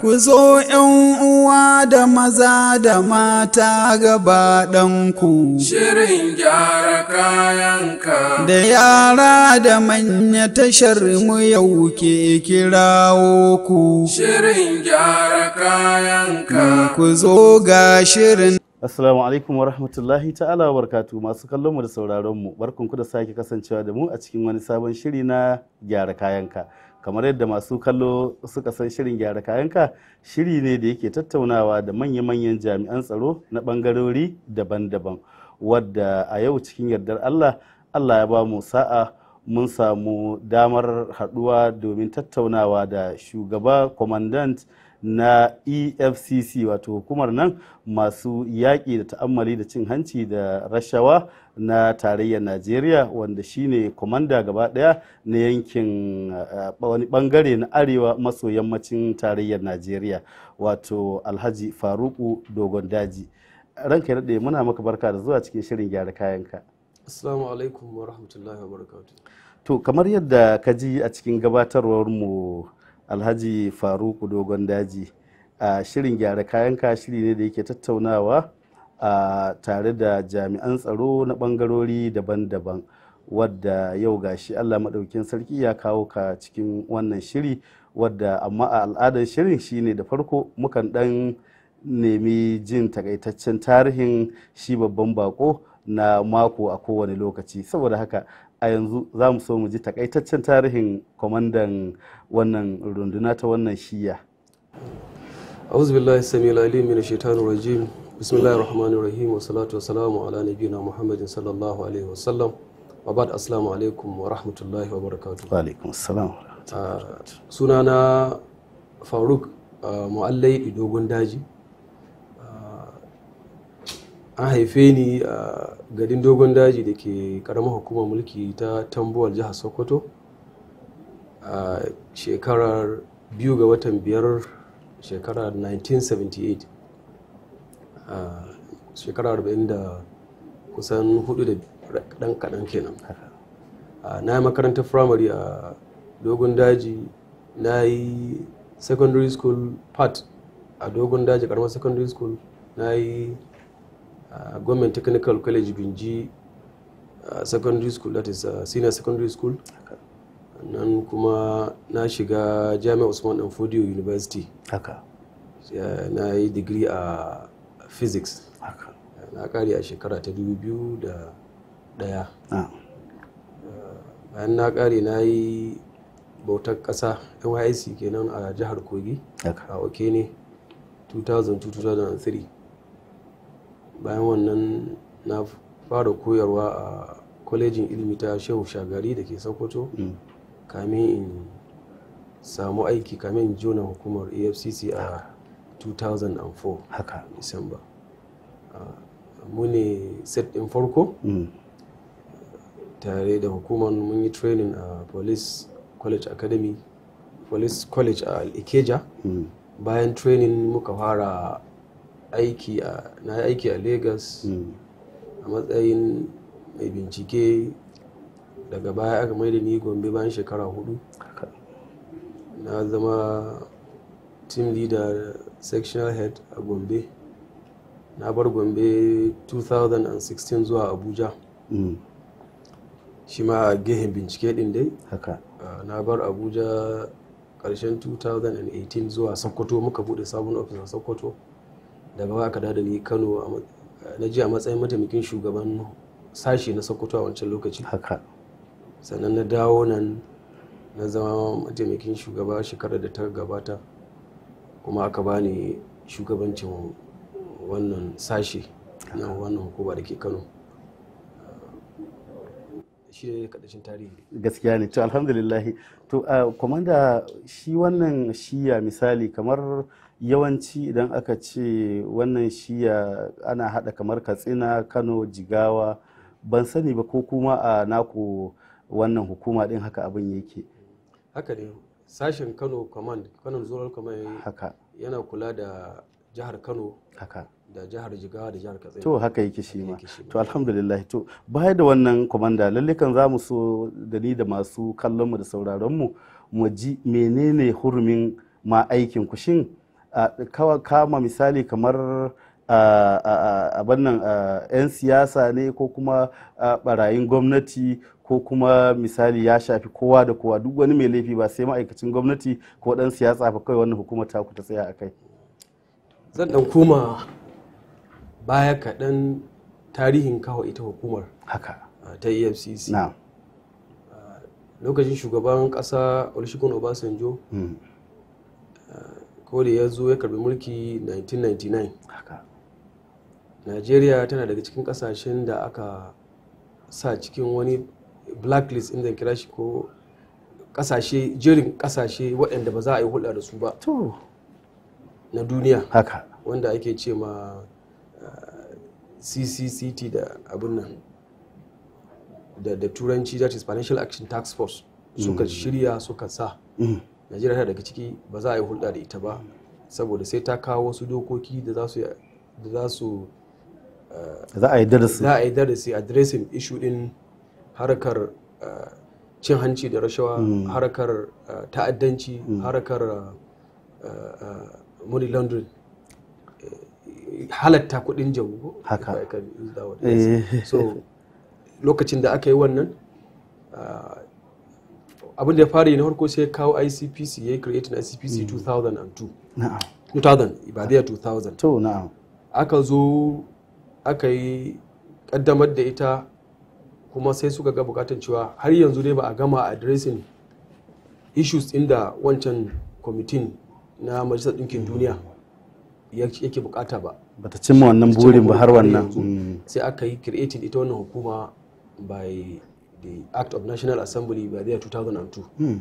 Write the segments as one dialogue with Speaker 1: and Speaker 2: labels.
Speaker 1: Ku zo uwa da maza da mata gaba
Speaker 2: ɗanku. Shirin gyara kayanka. Da yara da manya tashar mu yau ke kirawo ku. Shirin gyara kayanka.
Speaker 1: Ku zo ga shirin. Assalamu alaikum wa rahmatullahi ta'ala wa barkatu masu kallon mu da sauraron mu. Barkunku da sake kasancewa da mu a cikin wani sabon shiri na gyara kayanka. kamar yadda masu kallo suka san shirin gyara kayanka shiri ne da yake tattaunawa da manya-manyan jami'an tsaro na bangarori daban-daban wadda a yau cikin yardar allah allah ya ba mu sa'a mun samu damar haduwa domin tattaunawa da shugaba kwamandant na efcc wato hukumar nan masu yaƙi da ta'ammali da cin hanci da rashawa na tarayyar najeriya wanda shine kwamanda gaba ɗaya na yankin eh, wani bangare na arewa maso yammacin tarayyar najeriya wato alhaji faruku dogon daji ranka daɗe muna maka barka da zuwa cikin shirin gyara kayanka
Speaker 2: assalamu alaikum wa rahmatullahi wa barakatuh
Speaker 1: to kamar yadda ka ji a cikin gabatarwar mu alhaji faruku dogon daji a shirin gyara kayan ka shiri ne da yake tattaunawa a tare da jami'an tsaro na bangarori daban-daban wadda yau ga shi allah maɗaukin sarki ya kawo ka cikin wannan shiri wadda amma a al'adar shirin shine da farko mukan ɗan nemi jin takaitaccen tarihin shi babban bako na mako a kowane lokaci saboda haka a yanzu za mu so mu ji takaitaccen tarihin kwamandan wannan runduna ta wannan shiya.
Speaker 2: auzu billahi sami lalim min shaitanu rajim bismillahi rahmanu rahim wa salatu wa salamu ala nabiyina muhammadin sallallahu alaihi wa sallam wa ba'd alaikum wa rahmatullahi wa barakatuh
Speaker 1: wa alaikum assalam
Speaker 2: ah, sunana faruk ah, muallai idogon daji an haife ni a garin dogon daji da ke karamar hukumar mulki ta tambuwal jihar sokoto a shekarar biyu ga watan biyar shekarar 1978 a shekarar 40 da kusan hudu da dan kadan kenan na yi makarantar firamare a dogon daji na yi secondary school part a dogon daji karamar secondary school na yi uh, government technical college binji uh, secondary school that is uh, senior secondary school nan kuma na shiga jami'a usman dan fodiyo university haka na yi degree a physics haka na kare a shekara ta 2001 ah. uh, bayan na kare na yi bautar kasa nyc kenan a jihar kogi a oke ne 2002-2003 bayan wannan na fara koyarwa a kwalejin ilimi ta shehu shagari da ke sokoto mm. kamin in samu aiki kamin in jona hukumar afcc a 2004 haka disamba mu ne set din farko mm. tare da hukumar mun yi training a police college academy police college a ikeja mm. bayan training muka fara aiki a na aiki a lagos hmm. a matsayin mai bincike daga baya aka mai da ni gombe bayan shekara hudu na zama team leader sectional head a gombe na bar gombe 2016 zuwa abuja hmm. shi ma a gehen bincike din dai na bar abuja karshen 2018 zuwa sokoto muka bude sabon ofis a sokoto daga ba aka da ni kano na ji a matsayin mataimakin shugaban sashi na sokoto a wancan lokaci haka sannan na dawo nan na zama mataimakin shugaba shekarar da ta gabata kuma aka bani shugabancin wannan sashi na wannan hukuma da ke kano ah, shi ne kadashin tarihi gaskiya ne
Speaker 1: to alhamdulillah to komanda ah, shi wannan shiya misali kamar yawanci idan aka ce wannan shiya ana hada kamar katsina kano jigawa ban sani ba ko kuma a naku wannan hukuma din haka abin yake
Speaker 2: haka ne sashen kano command kano zural command haka yana kula da jihar kano haka da jihar jigawa da jihar katsina to haka
Speaker 1: yake shi ma to alhamdulillah to baya da wannan komanda lalle kan za mu so da ni da masu kallon mu da sauraron mu mu ji menene hurumin ma aikin ku shin kama misali kamar a wannan 'yan siyasa ne ko kuma barayin gwamnati ko kuma misali ya shafi kowa da kowa duk wani mai laifi ba sai ma'aikacin gwamnati ko dan siyasa ba kawai wannan hukumar ta ku ta tsaya a
Speaker 2: kai zan dan koma baya kaɗan tarihin kawo ita hukumar haka ta efcc lokacin shugaban Kasa olusegun obasanjo hmm. ko da ya zo ya karbi mulki 1999 nigeria tana daga cikin kasashen da aka sa cikin wani blacklist inda kira shi ko kasashe jerin kasashe waɗanda ba za a yi hulɗa da su ba na duniya haka wanda ake ce ma eh, ccct da abin nan da, turanci that is financial action tax force suka mm. shirya suka sa mm. najeriya tana daga ciki ba za a yi hulɗa da ita ba saboda sai ta kawo wasu dokoki da za su za a yi darasi a yi ishu addressing issue harkar cin hanci da rashawa harkar ta'addanci harkar money laundering halatta kudin jabu haka so lokacin da aka yi wannan abin da ya fara yi na farko sai ya kawo ICPC ya yi creating ICPC 2002 mm. na'am 2000 2000 aka zo aka yi kaddamar da ita kuma sai suka ga bukatar cewa har yanzu dai ba a gama addressing issues ɗin da wancan kwamitin na majalisar ɗinkin mm. duniya yake bukata ba bata cimma wannan burin ba har wannan mm. sai aka yi creating ita wannan hukuma by the act of national assembly by the 2002 hmm.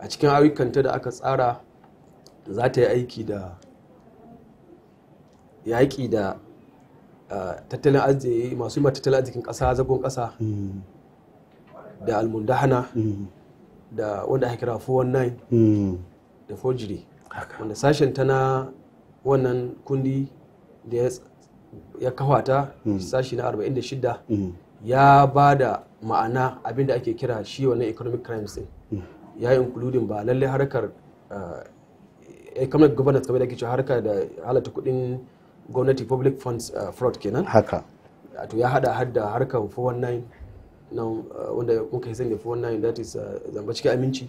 Speaker 2: a cikin ayyukanta da aka tsara za ta yi aiki da yaƙi da tattalin arziki masu yi tattalin arzikin ƙasa zagon ƙasa hmm. da almundahana hmm. da wanda aka kira 419 da forgery wanda sashen ta na wannan kundi da ya kafa ta sashi na 46 ya ba da ma'ana abin da ake kira shi wannan economic crimes din hmm. ya yi including ba lallai harkar eh, economic governance kamar da ake cewa harka da halatta kudin gwamnati public funds eh, fraud kenan haka to ya hada har da harkar 419 eh, wanda muka yi sanya 419 that is zamba cikin aminci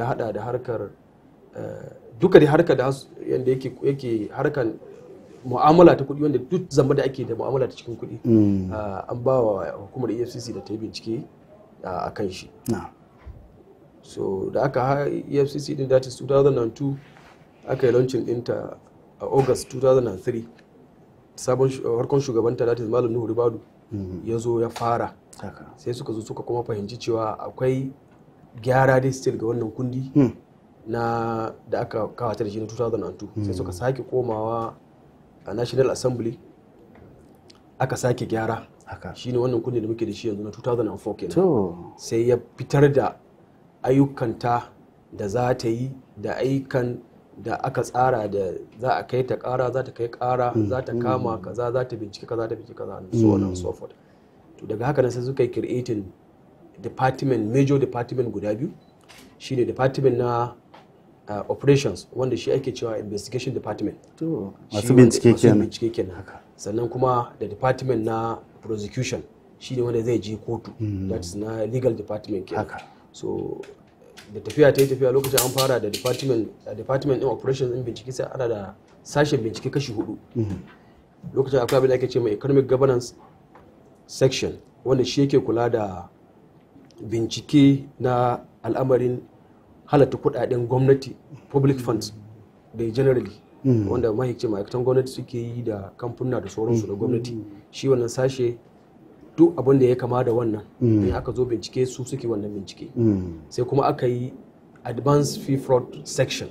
Speaker 2: ya hada da harkar duka da harkar da yake harkar mu'amala ta kuɗi wanda duk zamba da ake da mu'amala ta cikin kuɗi mm. ah, an ba wa hukumar efcc da ta yi bincike ah, a kan shi so da aka ha efcc din that is 2002 aka yi launching dinta a august 2003 sabon harkon shugabanta that is malam nuhu ribadu mm. ya zo ya fara sai suka zo suka kuma fahimci cewa akwai gyara dai still ga wannan kundi hmm. na da aka kawata da shi na 2002 hmm. sai suka sake komawa a national assembly aka sake gyara haka shine wannan kundin da muke da shi yanzu na 2004 kenan sai ya fitar da ayyukanta da za ta yi da ayyukan da aka tsara da za a kai ta kara za ta kai kara mm, za ta kama mm. kaza za ta bincike kaza ta bincike kaza so on and mm. so forth to daga haka nan sai suka yi creating department major department guda biyu shine department na Uh, operations wanda shi ake cewa investigation department masu bincike kenan bincike kenan haka sannan kuma da department na prosecution shi ne wanda zai je kotu hmm. that is na legal department kenan haka so da tafiya ta yi tafiya lokacin an fara da department department din operations din bincike sai ana da sashen bincike kashi hudu hmm. lokacin akwai abin da ake ce mai economic governance section wanda shi yake kula da bincike na al'amarin halatta kudaden gwamnati public funds da generally hmm. wanda mahaice ma'aikatan gwamnati suke yi da kamfuna da sauransu da hmm. gwamnati hmm. shi wannan sashe duk abin da ya kama da wannan in aka zo bincike su suke wannan bincike sai kuma aka yi advanced fee fraud section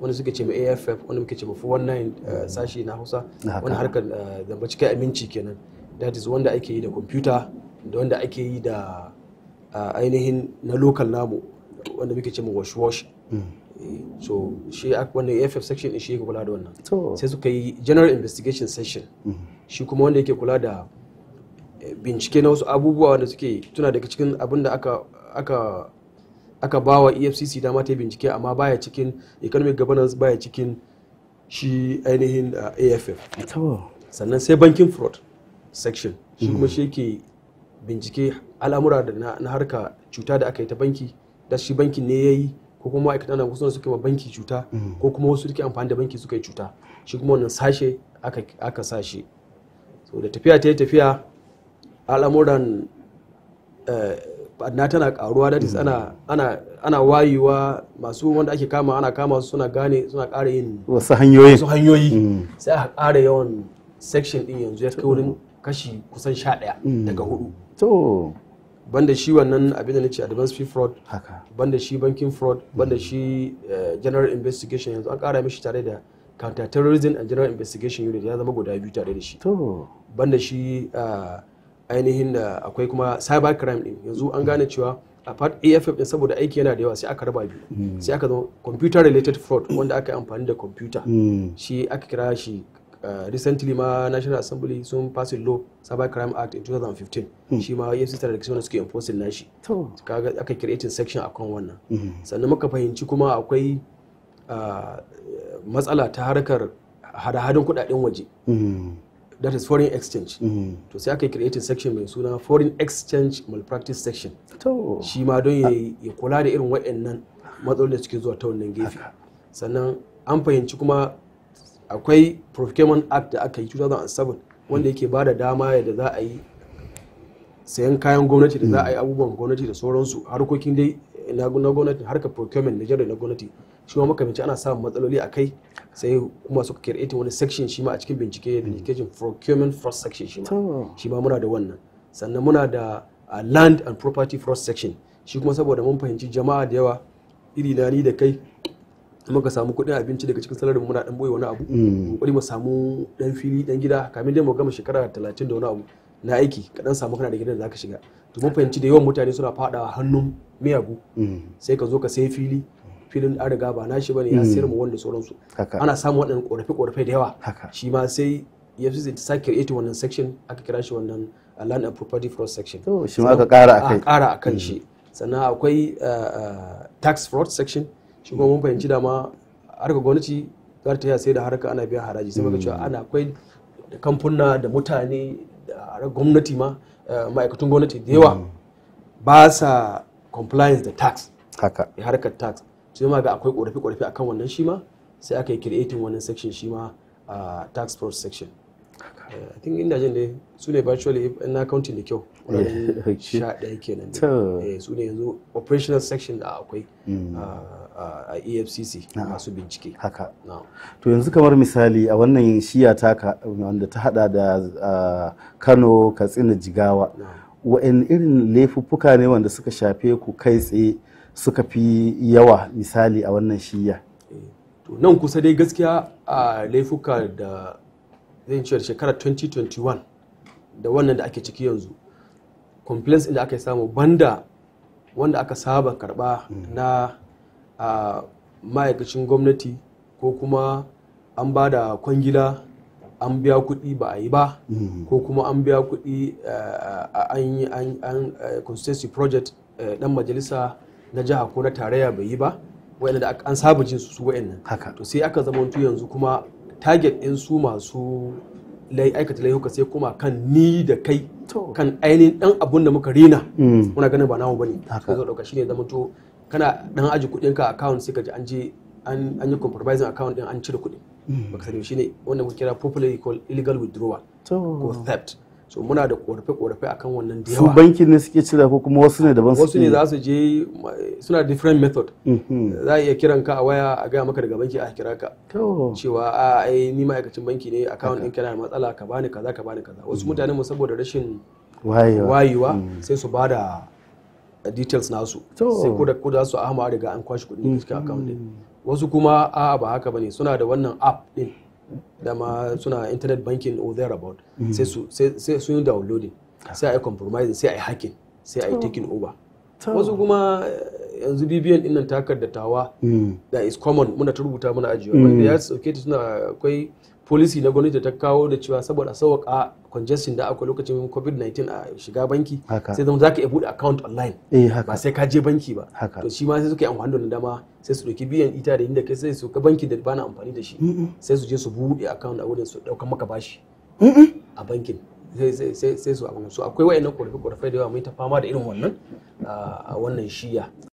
Speaker 2: wanda suke ce ma aff wanda muke ce ma 419 uh, Sashe na hausa wani harkar uh, zamba cikin aminci kenan that is wanda ake yi da computer da wanda ake yi da uh, ainihin na local namu wanda muke ce wash wash eh, so shi wannan AFF section shi yake kula da wannan sai suka yi general investigation session shi kuma wanda yake kula da eh, bincike na wasu abubuwa wanda suke tuna daga cikin abin da aka aka aka ba wa efcc dama ta bincike amma baya cikin economic governance baya cikin shi ainihin eh, aff sannan sai banking fraud section shi kuma shi yake bincike al'amura da na harka cuta da aka yi ta banki da shi bankin ne ya yi ko kuma ma'aikata na kusa suke ma banki cuta mm. ko kuma wasu suke amfani da banki suka yi cuta shi kuma wannan sashe aka, aka sa shi so da tafiya ta yi tafiya al'amuran eh, na tana karuwa da mm. ana ana ana wayewa masu wanda ake kama ana kama su suna gane suna ƙara yin
Speaker 1: wasu hanyoyi wasu hanyoyi mm.
Speaker 2: sai aka ƙara yawan section din yanzu ya kai wurin kashi kusan sha ɗaya daga hudu to banda shi wannan abin da nace advance fee fraud haka banda shi banking fraud banda hmm. shi eh, general investigation yanzu an kara mishi tare da counter terrorism and general investigation unit ya zama guda biyu tare da shi to banda shi eh, ainihin da eh, akwai kuma cyber crime din yanzu an gane hmm. cewa a part AFF din saboda aiki yana da yawa sai aka raba biyu hmm. sai aka zo computer related fraud wanda aka yi amfani da computer shi aka kira shi Eh, recently ma national assembly sun pass law cyber crime act in 2015 hmm. shi ma yin sister da wanda suke enforce na shi kaga aka creating section akan wannan hmm. sannan muka fahimci kuma akwai eh, matsala ta harkar hada-hadan kudaden waje hmm. that is foreign exchange to sai aka creating section mai suna foreign exchange malpractice section shi ma don ya kula da irin waɗannan matsalolin da suke zuwa ta wannan gefe sannan an fahimci kuma akwai procurement act da aka yi 2007 wanda yake ba da dama yadda za a yi sayan kayan gwamnati da za a yi hmm. abubuwan gwamnati da sauransu harkokin dai na gwamnati harkar procurement na jari na gwamnati shi ma makamanci ana samun matsaloli a kai sai kuma suka create wani section shi ma a cikin bincike da hmm. education procurement first section shi ma shi ma muna da wannan sannan muna da land and property first section shi kuma saboda mun fahimci jama'a da yawa iri na ni da kai ka samu kuɗin abinci daga cikin salarin muna dan boye wani abu kokari mm. mu samu dan fili dan gida kamin dai mu gama shekara 30 da wani abu na aiki ka dan samu kana da gidan da zaka shiga to mun fahimci da yawan mutane suna fada hannun miyagu mm. sai ka zo ka sai fili filin an riga ba nashi bane ya mm. sayar mu wanda sauransu ana samun waɗannan korafe korafe da yawa shi ma sai ya e fi sake create wannan section aka kira shi wannan uh, land and property fraud section to shi ma aka kara akai kara akan shi sannan akwai uh, uh, tax fraud section shi kuma mun fahimci dama harkar gwamnati za ta sai da harka ana biyan haraji sai muka cewa hmm. ana akwai da kamfuna da mutane da gwamnati ma eh, ma'aikatan gwamnati da yawa hmm. ba sa compliance da tax haka harkar tax sai ma ga akwai korafi korafi akan wannan shi ma sai aka yi creating wannan section shi ma ah, tax fraud section Eh, I think ina jin dai su ne virtually na counting da kyau eh, sha ɗaya kenan eh, su ne yanzu operational section da akwai hmm. a efcc ah. masu bincike haka
Speaker 1: to yanzu kamar misali a wannan shiya taka wanda ta hada da kano katsina jigawa wa'in irin laifuffuka ne wanda suka shafe ku kai tsaye suka fi yawa misali a wannan shiya
Speaker 2: nan kusa dai gaskiya a laifuka da zai ce shekarar 2021 da wannan da ake ciki yanzu complaints inda aka samu banda wanda aka saba karba mm. na ma'aikacin gwamnati ko kuma an ba da kwangila an biya kuɗi ba a yi ba mm. ko kuma an biya kuɗi an yi an constituency project dan majalisa na jiha ko na tarayya bai yi ba da an saba jin su wayan nan. haka to sai aka zama yanzu kuma target ɗin su masu lai aikata laihuka sai kuma kan ni da kai kan ainihin ɗan abun da muka rina mm. muna ganin ba namu ba ne. ga dauka shine zama to kana dan aji kuɗin ka account sai ka ji an je an yi compromising account din an cire kuɗi mm. baka sani shine wanda muka kira popularly called illegal withdrawal ko theft so muna da korafe-korafe akan wannan da yawa su
Speaker 1: bankin ne suke cira ko kuma wasu ne daban wasu ne za
Speaker 2: su je suna different method mm-hmm. za a iya kiran ka a waya a gaya maka daga banki a kira ka cewa a ai ni ma'aikacin banki ne account ɗin kana matsala ka bani kaza ka bani kaza wasu mm. mutane mu saboda rashin wayewa mm. sai su bada details nasu sai ko da ko za su ahma riga an kwashi kuɗin cikin account din mm-hmm. wasu kuma a'a ba haka bane suna da wannan app din dama suna internet banking or thereabout mm. sai su sai su yi downloading ah. sai a yi compromising sai a yi hacking sai a yi taking over wasu kuma eh, yanzu bbn dinnan takar da tawa da mm. is common muna ta rubuta muna ajiyewa mm. wanda ya sauke ta suna akwai policy na gwamnati ta kawo da cewa saboda sauƙa congestion da akwai lokacin covid-19 a shiga banki sai zama za ka iya bude account online eh, ba sai ka je banki ba to shi ma sai suka yi amfani da dama sai su ɗauki biyan ita da inda kai sai su ka banki da ba na amfani da shi sai su je su buɗe account a wurin su ɗaukan maka bashi a bankin sai su akwai wa'annan ƙorafe-ƙorafe da yawa mai ta fama da irin wannan ah, a wannan shiya